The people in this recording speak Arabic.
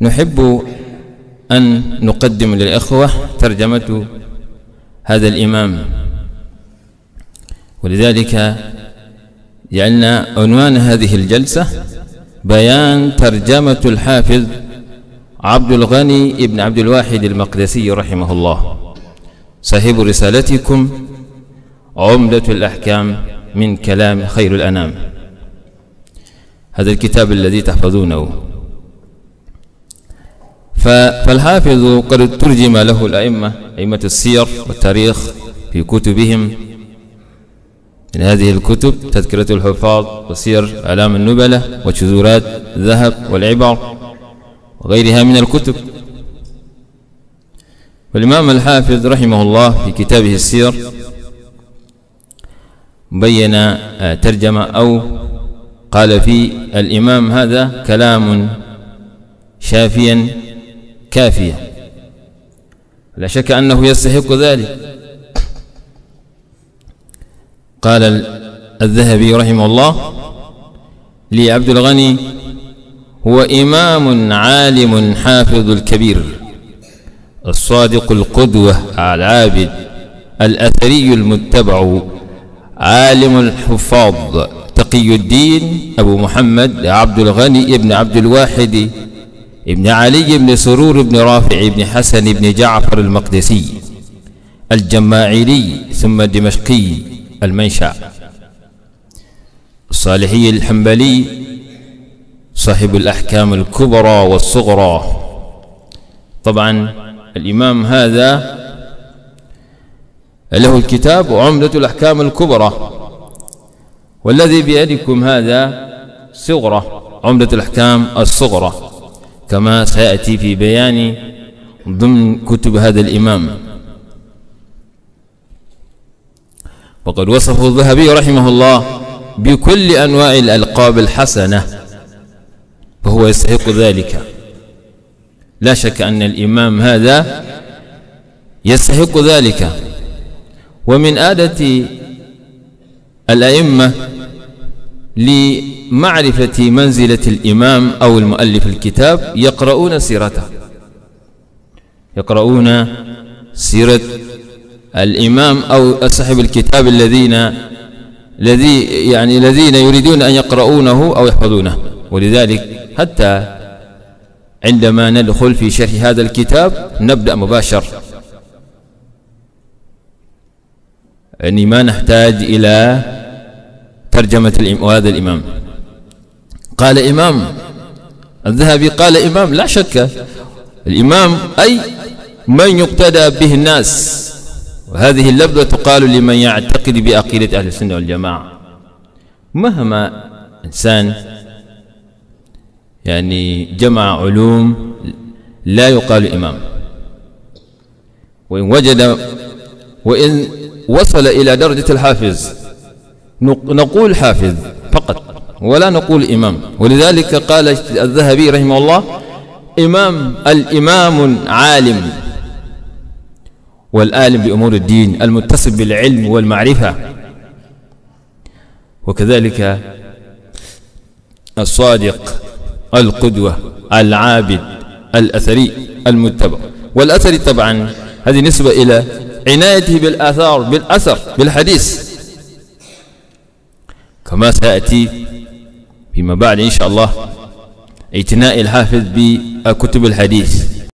نحب أن نقدم للأخوة ترجمة هذا الإمام ولذلك جعلنا عنوان هذه الجلسة بيان ترجمة الحافظ عبد الغني ابن عبد الواحد المقدسي رحمه الله صاحب رسالتكم عمدة الأحكام من كلام خير الأنام هذا الكتاب الذي تحفظونه فالحافظ قد ترجم له الأئمة أئمة السير والتاريخ في كتبهم من هذه الكتب تذكرة الحفاظ وسير أعلام النبلة وشذورات الذهب والعبر وغيرها من الكتب والإمام الحافظ رحمه الله في كتابه السير بين آه، ترجمة أو قال في الإمام هذا كلام شافيا كافية لا شك أنه يستحق ذلك قال الذهبي رحمه الله لي عبد الغني هو إمام عالم حافظ الكبير الصادق القدوة العابد الأثري المتبع عالم الحفاظ تقي الدين أبو محمد عبد الغني ابن عبد الواحد ابن علي بن سرور بن رافع بن حسن بن جعفر المقدسي الجماعيلي ثم الدمشقي المنشأ الصالحي الحنبلي صاحب الأحكام الكبرى والصغرى طبعا الإمام هذا له الكتاب عمدة الأحكام الكبرى والذي بيدكم هذا صغرى عمدة الأحكام الصغرى كما سيأتي في بيان ضمن كتب هذا الإمام وقد وصفه الذهبي رحمه الله بكل أنواع الألقاب الحسنة فهو يستحق ذلك لا شك أن الإمام هذا يستحق ذلك ومن آدة الأئمة لمعرفة منزلة الإمام أو المؤلف الكتاب يقرؤون سيرته يقرؤون سيرة الإمام أو صاحب الكتاب الذين الذي يعني الذين يريدون أن يقرؤونه أو يحفظونه ولذلك حتى عندما ندخل في شرح هذا الكتاب نبدأ مباشر يعني ما نحتاج إلى ترجمة وهذا الإمام قال إمام الذهبي قال إمام لا شك الإمام أي من يقتدى به الناس وهذه اللبدة تقال لمن يعتقد بأقيلة أهل السنة والجماعة مهما إنسان يعني جمع علوم لا يقال إمام وإن وجد وإن وصل إلى درجة الحافظ نقول حافظ فقط ولا نقول إمام ولذلك قال الذهبي رحمه الله إمام الإمام عالم والآلم بأمور الدين المتصف بالعلم والمعرفة وكذلك الصادق القدوة العابد الأثري المتبع والأثري طبعا هذه نسبة إلى عنايته بالآثار بالأثر بالحديث وما سيأتي فيما بعد إن شاء الله اعتناء الحافظ بكتب الحديث